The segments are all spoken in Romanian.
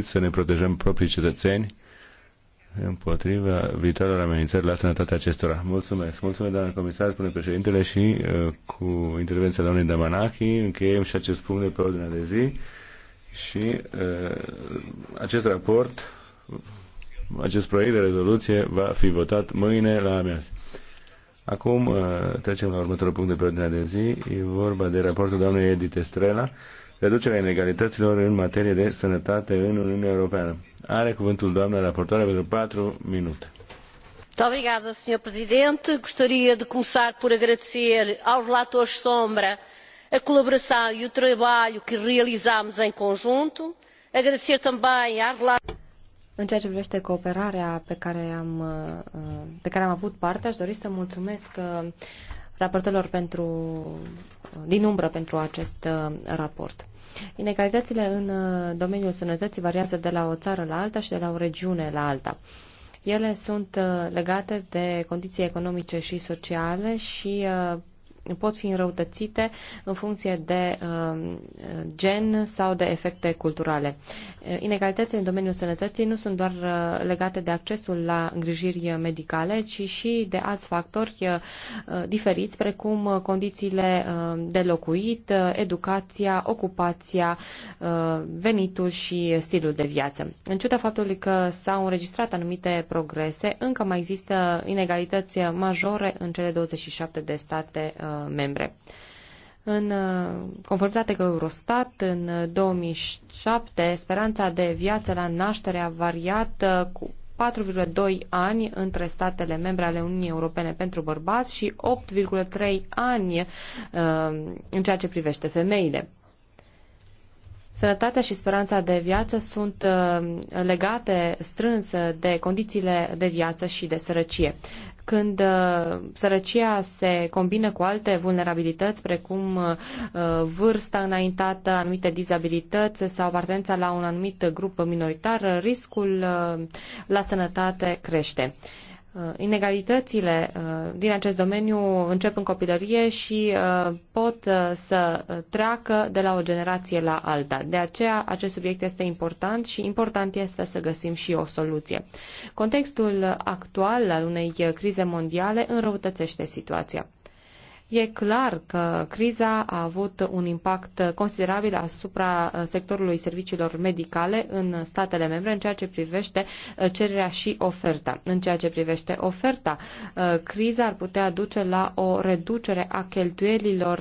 să ne protejăm proprii cetățeni împotriva viitoarelor amenințări la sănătatea acestora. Mulțumesc. Mulțumesc, doamne comisar, spune președintele și uh, cu intervenția doamnei Damanachi încheiem și acest punct de pe ordinea de zi și uh, acest raport, acest proiect de rezoluție va fi votat mâine la amiază. Acum uh, trecem la următorul punct de pe ordinea de zi. E vorba de raportul doamnei Edith Estrela, reducerea inegalităților în materie de sănătate în Uniunea Europeană. Are cuvântul doamna raportoare pentru 4 minute. Muito obrigada, Sr. Presidente. Gostaria de começar por agradecer aos relatores Sombra a colaboração e o trabalho que realizámos em conjunto. Agradecer também à relatora. În ceea ce privește cooperarea pe care am, uh, uh, de care am avut parte, aș dori să mulțumesc uh, raportorilor pentru din umbră pentru acest uh, raport. Inegalitățile în uh, domeniul sănătății variază de la o țară la alta și de la o regiune la alta. Ele sunt uh, legate de condiții economice și sociale și pot fi înrăutățite în funcție de um, gen sau de efecte culturale. Inegalitățile în domeniul sănătății nu sunt doar uh, legate de accesul la îngrijiri medicale, ci și de alți factori uh, diferiți, precum uh, condițiile um, de locuit, educația, ocupația, venitul și stilul de viață. În ciuda faptului că s-au înregistrat anumite progrese, încă mai există inegalități majore în cele 27 de state membre. În uh, conformitate cu Eurostat, în 2007, uh, speranța de viață la naștere a variat uh, cu 4,2 ani între statele membre ale Uniunii Europene pentru bărbați și 8,3 ani în ceea ce privește femeile. Sănătatea și speranța de viață sunt uh, legate strâns de condițiile de viață și de sărăcie. Când uh, sărăcia se combină cu alte vulnerabilități, precum uh, vârsta înaintată, anumite dizabilități sau apartența la un anumit grup minoritar, riscul la sănătate crește. Uh, inegalitățile uh, din acest domeniu încep în copilărie și uh, pot să treacă de la o generație la alta. De aceea, acest subiect este important și important este să găsim și o soluție. Contextul actual al unei crize mondiale înrăutățește situația. E clar că criza a avut un impact considerabil asupra uh, sectorului serviciilor medicale în statele membre în ceea ce privește uh, cererea și oferta. În ceea ce privește oferta, uh, criza ar putea duce la o reducere a cheltuielilor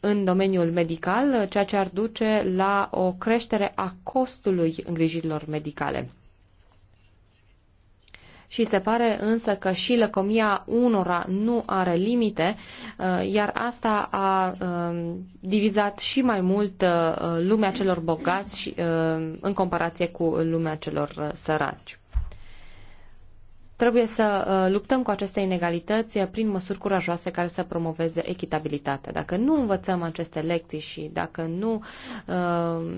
în domeniul medical, ceea ce ar duce la o creștere a costului îngrijirilor medicale și se pare însă că și lăcomia unora nu are limite, uh, iar asta a um, divizat și mai mult uh, lumea celor bogați uh, în comparație cu lumea celor săraci. Trebuie să luptăm cu aceste inegalități prin măsuri curajoase care să promoveze echitabilitatea. Dacă nu învățăm aceste lecții și dacă nu uh,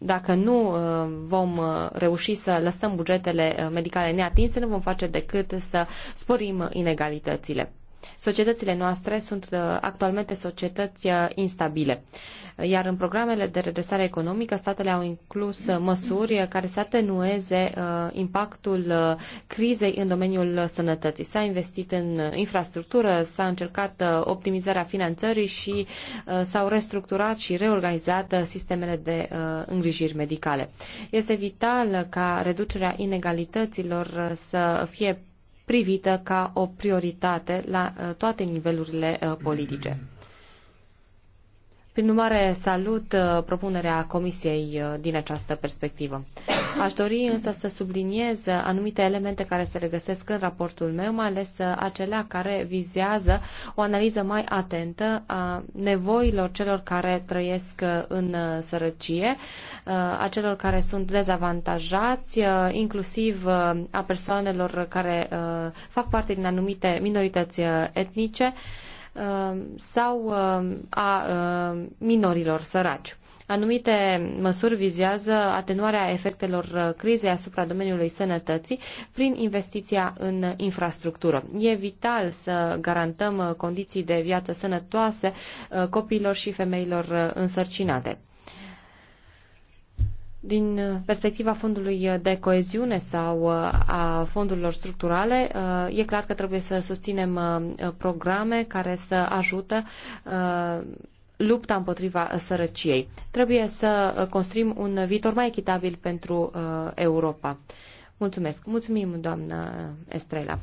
dacă nu uh, vom uh, reuși să lăsăm bugetele uh, medicale neatinse, nu vom face decât să sporim inegalitățile. Societățile noastre sunt uh, actualmente societăți uh, instabile, iar în programele de redresare economică statele au inclus uh, măsuri care să atenueze impactul crizei în domeniul sănătății. S-a investit în infrastructură, s-a încercat optimizarea finanțării și s-au restructurat și reorganizat sistemele de îngrijiri medicale. Este vital ca reducerea inegalităților să fie privită ca o prioritate la uh, toate nivelurile uh, politice. Prin urmare, salut uh, propunerea Comisiei uh, din această perspectivă. Aș dori însă să subliniez uh, anumite elemente care se regăsesc în raportul meu, mai ales acelea care vizează o analiză mai atentă a nevoilor celor care trăiesc în sărăcie, a celor care sunt dezavantajați, inclusiv a persoanelor care fac parte din anumite minorități etnice, Um, sau um, a um, minorilor săraci. Anumite măsuri vizează atenuarea efectelor uh, crizei asupra domeniului sănătății prin investiția în infrastructură. E vital să garantăm uh, condiții de viață sănătoase uh, copiilor și femeilor însărcinate. Din uh, perspectiva fondului uh, de coeziune sau uh, a fondurilor structurale, e clar că trebuie să susținem programe care să ajută lupta împotriva sărăciei. Trebuie să construim un viitor mai echitabil pentru Europa. Mulțumesc. Mulțumim, doamnă Estrela.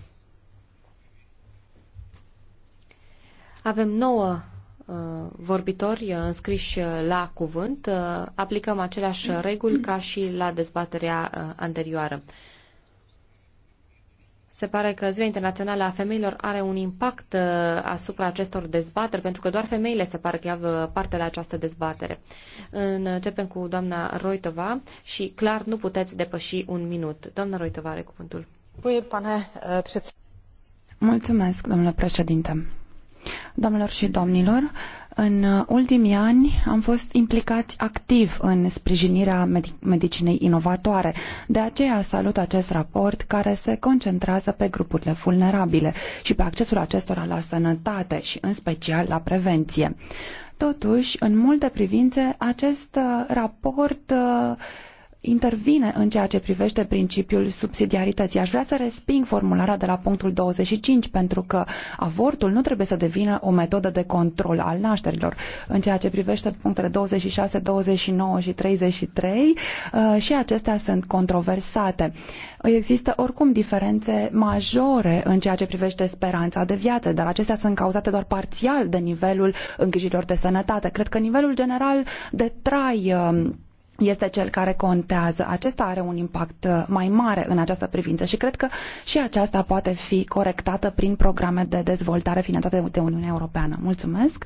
Avem nouă Uh, vorbitori uh, înscriși uh, la cuvânt, aplicăm aceleași reguli ca și la dezbaterea anterioară. Se pare că Ziua Internațională a Femeilor are un impact asupra acestor dezbateri, pentru că doar femeile se pare că iau parte la această dezbatere. Începem cu doamna Roitova și clar nu puteți depăși un minut. Doamna Roitova are cuvântul. Mulțumesc, domnule președinte. Doamnelor și domnilor, în ultimii ani am fost implicați activ în sprijinirea medicinei inovatoare. De aceea salut acest raport care se concentrează pe grupurile vulnerabile și pe accesul acestora la sănătate și în special la prevenție. Totuși, în multe privințe, acest uh, raport uh, intervine în ceea ce privește principiul subsidiarității. Aș vrea să resping formularea de la punctul 25 pentru că avortul nu trebuie să devină o metodă de control al nașterilor. În ceea ce privește punctele 26, 29 și 33 uh, și acestea sunt controversate. Există oricum diferențe majore în ceea ce privește speranța de viață, dar acestea sunt cauzate doar parțial de nivelul îngrijirilor de sănătate. Cred că nivelul general de trai uh, este cel care contează. Acesta are un impact uh, mai mare în această privință și cred că și aceasta poate fi corectată prin programe de dezvoltare finanțate de Uniunea Europeană. Mulțumesc!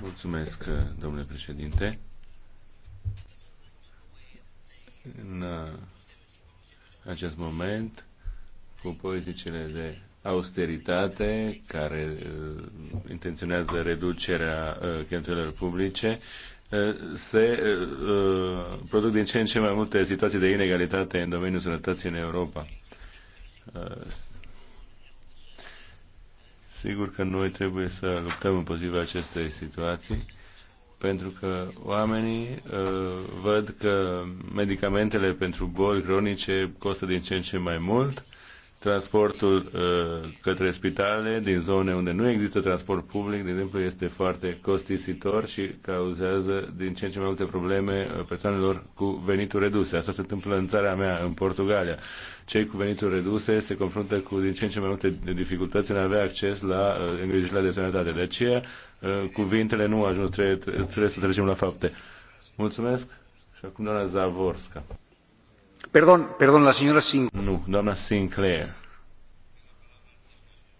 Mulțumesc, domnule președinte. În uh, acest moment, cu politicile de austeritate care uh, intenționează reducerea uh, cheltuielor publice, uh, se uh, uh, produc din ce în ce mai multe situații de inegalitate în domeniul sănătății în Europa. Uh, Sigur că noi trebuie să luptăm împotriva acestei situații, pentru că oamenii uh, văd că medicamentele pentru boli cronice costă din ce în ce mai mult transportul uh, către spitale din zone unde nu există transport public, de exemplu, este foarte costisitor și cauzează din ce în ce mai multe probleme uh, persoanelor cu venituri reduse. Asta se întâmplă în țara mea, în Portugalia. Cei cu venituri reduse se confruntă cu din ce în ce mai multe dificultăți în a avea acces la uh, îngrijirile de sănătate. De aceea, cuvintele nu ajung, trebuie, trebuie să trecem la fapte. Mulțumesc și acum doamna Zavorska. Perdon, perdon, la signora Sinclair. Nu, doamna Sinclair.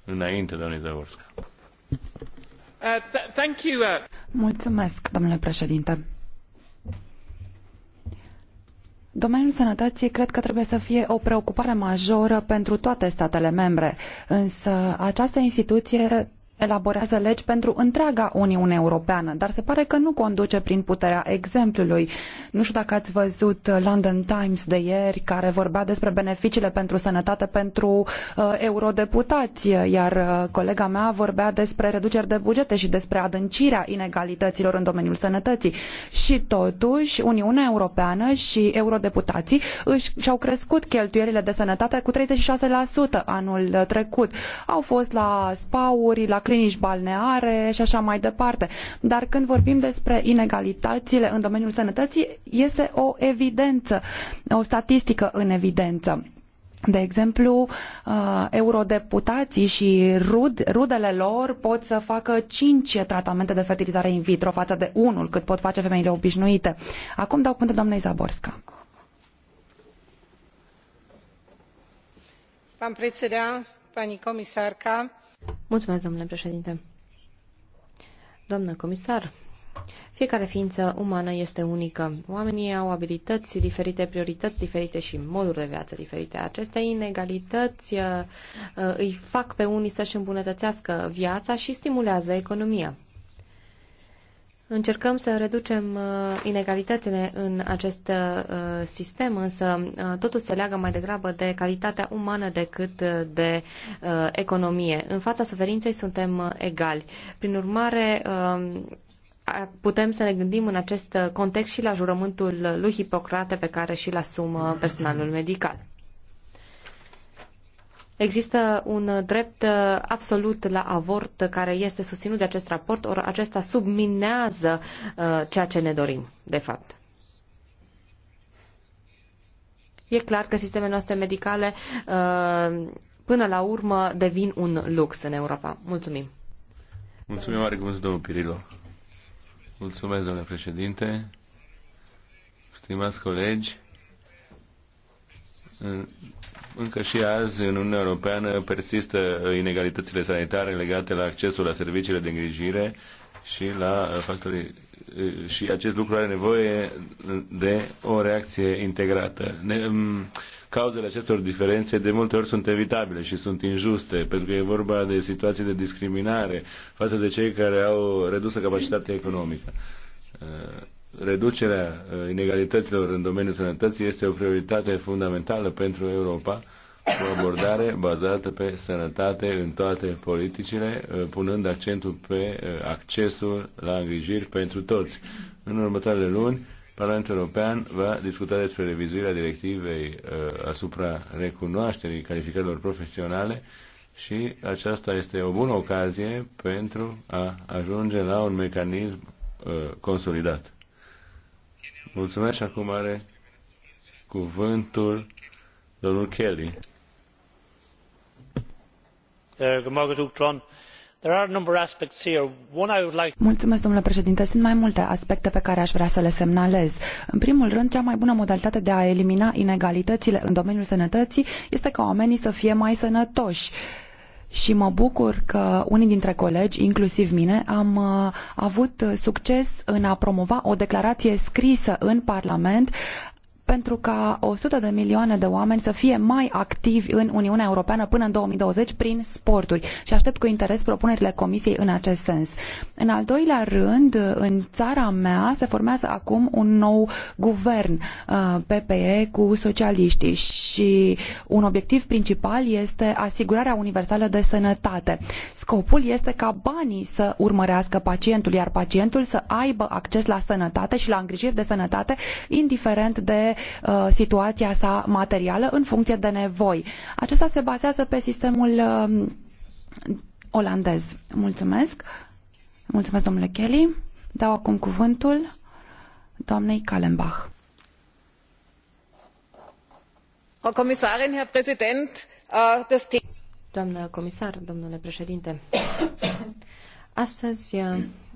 Înainte, doamne Zavorska. Uh, thank you. Uh. Mulțumesc, domnule președinte. Domeniul sănătății cred că trebuie să fie o preocupare majoră pentru toate statele membre, însă această instituție elaborează legi pentru întreaga Uniune Europeană, dar se pare că nu conduce prin puterea exemplului. Nu știu dacă ați văzut London Times de ieri, care vorbea despre beneficiile pentru sănătate pentru uh, eurodeputați, iar uh, colega mea vorbea despre reduceri de bugete și despre adâncirea inegalităților în domeniul sănătății. Și totuși, Uniunea Europeană și eurodeputații își, și-au crescut cheltuielile de sănătate cu 36% anul trecut. Au fost la spauri, la clinici balneare și așa mai departe. Dar când vorbim despre inegalitățile în domeniul sănătății, este o evidență, o statistică în evidență. De exemplu, uh, eurodeputații și rud, rudele lor pot să facă cinci tratamente de fertilizare in vitro față de unul cât pot face femeile obișnuite. Acum dau cuvântul doamnei Zaborska. Pan predseda, pani komisárka, Mulțumesc, domnule președinte. Doamnă comisar, fiecare ființă umană este unică. Oamenii au abilități diferite, priorități diferite și moduri de viață diferite. Aceste inegalități uh, îi fac pe unii să-și îmbunătățească viața și stimulează economia. Încercăm să reducem uh, inegalitățile în acest uh, sistem, însă uh, totul se leagă mai degrabă de calitatea umană decât de economie. În fața suferinței suntem egali. Prin urmare, um, putem să ne gândim în acest context și la jurământul lui Hipocrate pe care și-l asumă personalul medical. Există un drept uh, absolut la avort care este susținut de acest raport, ori acesta subminează uh, ceea ce ne dorim, de fapt. E clar că sistemele noastre medicale uh, până la urmă devin un lux în Europa. Mulțumim! Mulțumim mare cuvânt, domnul Pirilo. Mulțumesc, domnule președinte. Stimați colegi, încă și azi, în Uniunea Europeană, persistă inegalitățile sanitare legate la accesul la serviciile de îngrijire și la uh, factorii uh, și acest lucru are nevoie de o reacție integrată. Ne, um, cauzele acestor diferențe de multe ori sunt evitabile și sunt injuste, pentru că e vorba de situații de discriminare față de cei care au redusă capacitate economică uh, reducerea uh, inegalităților în domeniul sănătății este o prioritate fundamentală pentru Europa, o abordare bazată pe sănătate în toate politicile, uh, punând accentul pe uh, accesul la îngrijiri pentru toți. În următoarele luni, Parlamentul European va discuta despre revizuirea directivei asupra recunoașterii calificărilor profesionale și aceasta este o bună ocazie pentru a ajunge la un mecanism consolidat. Mulțumesc și acum are cuvântul domnul Kelly. Eh, Mulțumesc, domnule președinte. Sunt mai multe aspecte pe care aș vrea să le semnalez. În primul rând, cea mai bună modalitate de a elimina inegalitățile în domeniul sănătății este ca oamenii să fie mai sănătoși și mă bucur că unii dintre colegi, inclusiv mine, am uh, avut succes în a promova o declarație scrisă în Parlament pentru ca 100 de milioane de oameni să fie mai activi în Uniunea Europeană până în 2020 prin sporturi și aștept cu interes propunerile Comisiei în acest sens. În al doilea rând, în țara mea se formează acum un nou guvern uh, PPE cu socialiștii și un obiectiv principal este asigurarea universală de sănătate. Scopul este ca banii să urmărească pacientul, iar pacientul să aibă acces la sănătate și la îngrijiri de sănătate, indiferent de uh, situația sa materială în funcție de nevoi. Acesta se bazează pe sistemul uh, olandez. Mulțumesc. Mulțumesc, domnule Kelly. Dau acum cuvântul doamnei Kallenbach. Frau äh, Doamnă comisar, domnule președinte, astăzi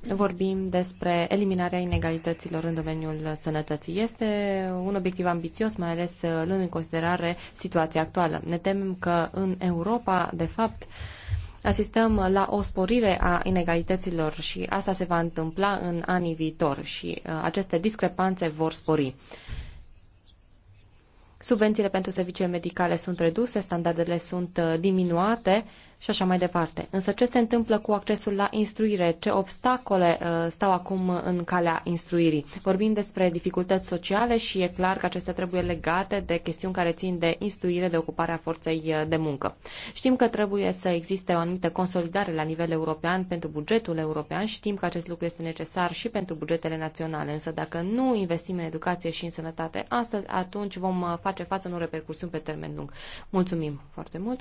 vorbim despre eliminarea inegalităților în domeniul sănătății. Este un obiectiv ambițios, mai ales luând în considerare situația actuală. Ne temem că în Europa, de fapt, asistăm la o sporire a inegalităților și asta se va întâmpla în anii viitor și uh, aceste discrepanțe vor spori. Subvențiile pentru serviciile medicale sunt reduse, standardele sunt uh, diminuate, și așa mai departe. Însă ce se întâmplă cu accesul la instruire? Ce obstacole uh, stau acum în calea instruirii? Vorbim despre dificultăți sociale și e clar că acestea trebuie legate de chestiuni care țin de instruire, de ocuparea forței uh, de muncă. Știm că trebuie să existe o anumită consolidare la nivel european pentru bugetul european, știm că acest lucru este necesar și pentru bugetele naționale, însă dacă nu investim în educație și în sănătate astăzi, atunci vom uh, face față unor repercursiuni pe termen lung. Mulțumim foarte mult!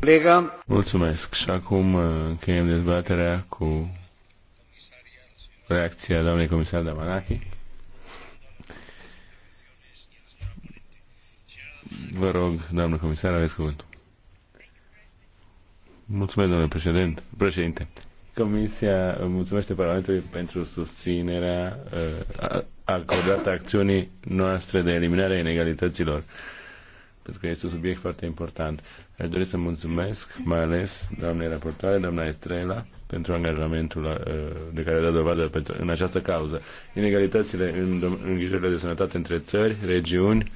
Colega. Mulțumesc. Și acum uh, încheiem dezbaterea cu reacția doamnei comisar Damanachi. Vă rog, doamnă comisar, aveți cuvântul. Mulțumesc, domnule președinte. președinte. Comisia mulțumește Parlamentului pentru susținerea uh, acordată acțiunii noastre de eliminare a inegalităților. Uh, pentru că este un subiect foarte important. Aș dori să mulțumesc, mai ales doamnei raportoare, doamna Estrela, pentru angajamentul uh, de care a dat dovadă pentru, în această cauză. Inegalitățile în îngrijirile de sănătate între țări, regiuni,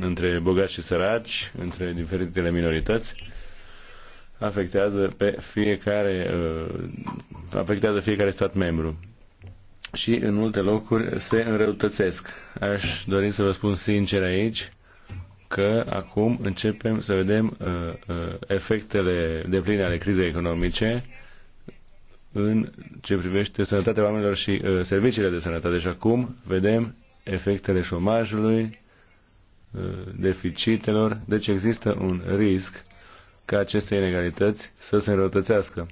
între bogați și săraci, între diferitele minorități, afectează pe fiecare uh, afectează fiecare stat membru și în multe locuri se înrăutățesc. Aș dori să vă spun sincer aici că acum începem să vedem uh, uh, efectele de pline ale crizei economice în ce privește sănătatea oamenilor și uh, serviciile de sănătate. Și acum vedem efectele șomajului, uh, deficitelor. Deci există un risc ca aceste inegalități să se înrăutățească.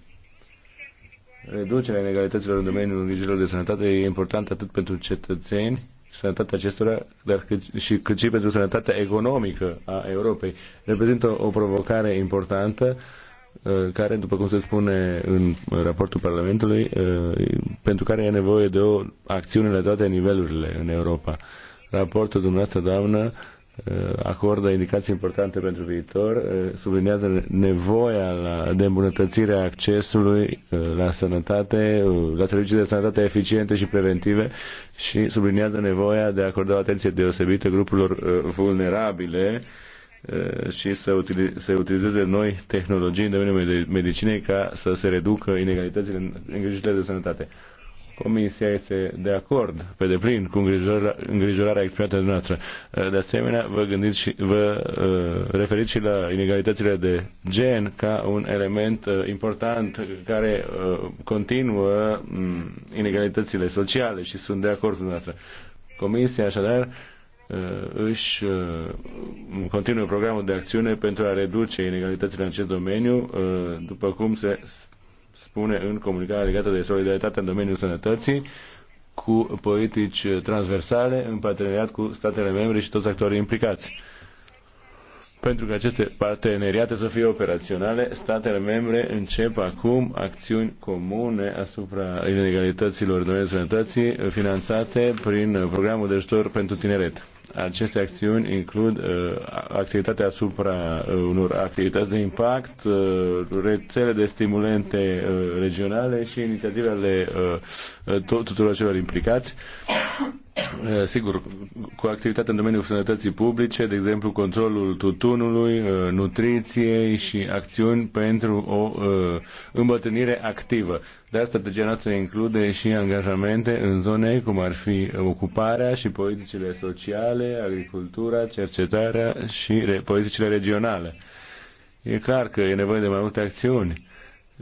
Reducerea inegalităților în domeniul îngrijirilor de sănătate e importantă atât pentru cetățeni, sănătatea acestora, dar cât și, cât și pentru sănătatea economică a Europei. Reprezintă o provocare importantă uh, care, după cum se spune în raportul Parlamentului, uh, pentru care e nevoie de o acțiune la toate nivelurile în Europa. Raportul dumneavoastră, doamnă, Uh, acordă indicații importante pentru viitor, uh, sublinează nevoia la, de îmbunătățire a accesului uh, la sănătate, la servicii de sănătate eficiente și preventive și sublinează nevoia de a acorda o atenție deosebită grupurilor vulnerabile și să, utilize, să utilizeze noi tehnologii în domeniul medicinei ca să se reducă inegalitățile în îngrijirile de sănătate. Comisia este de acord pe deplin cu îngrijorarea, îngrijorarea exprimată de noastră. Uh, de asemenea, vă, gândiți și, vă uh, referiți și la inegalitățile de gen ca un element uh, important care continuă mm, inegalitățile sociale și sunt de acord cu noastră. Comisia, așadar, își continuă programul de acțiune pentru a reduce inegalitățile în acest domeniu, după cum se spune în comunicarea legată de solidaritate în domeniul sănătății, cu politici transversale în parteneriat cu statele membre și toți actorii implicați. Pentru că aceste parteneriate să fie operaționale, statele membre încep acum acțiuni comune asupra inegalităților de sănătății finanțate prin programul de ajutor pentru tineret. Aceste acțiuni includ uh, activitatea asupra uh, unor activități de impact, uh, rețele de stimulente uh, regionale și inițiativele uh, uh tuturor celor implicați Eh, sigur, cu activitate în domeniul sănătății publice, de exemplu controlul tutunului, eh, nutriției și acțiuni pentru o eh, îmbătrânire activă. asta strategia noastră include și angajamente în zone cum ar fi ocuparea și politicile sociale, agricultura, cercetarea și politicile regionale. E clar că e nevoie de mai multe acțiuni.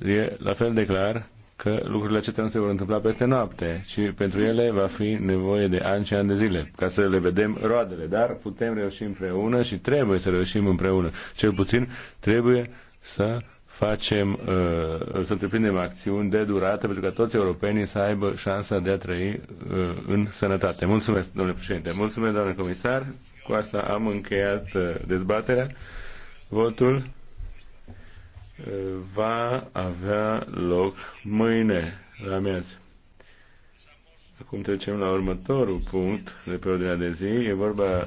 E la fel de clar că lucrurile acestea nu se vor întâmpla peste noapte ci pentru ele va fi nevoie de ani și ani de zile ca să le vedem roadele, dar putem reuși împreună și trebuie să reușim împreună. Cel puțin trebuie să facem, uh, să întreprindem acțiuni de durată pentru ca toți europenii să aibă șansa de a trăi uh, în sănătate. Mulțumesc, domnule președinte. Mulțumesc, doamne comisar. Cu asta am încheiat uh, dezbaterea. Votul va avea loc mâine la amiază. Acum trecem la următorul punct de pe ordinea de zi. E vorba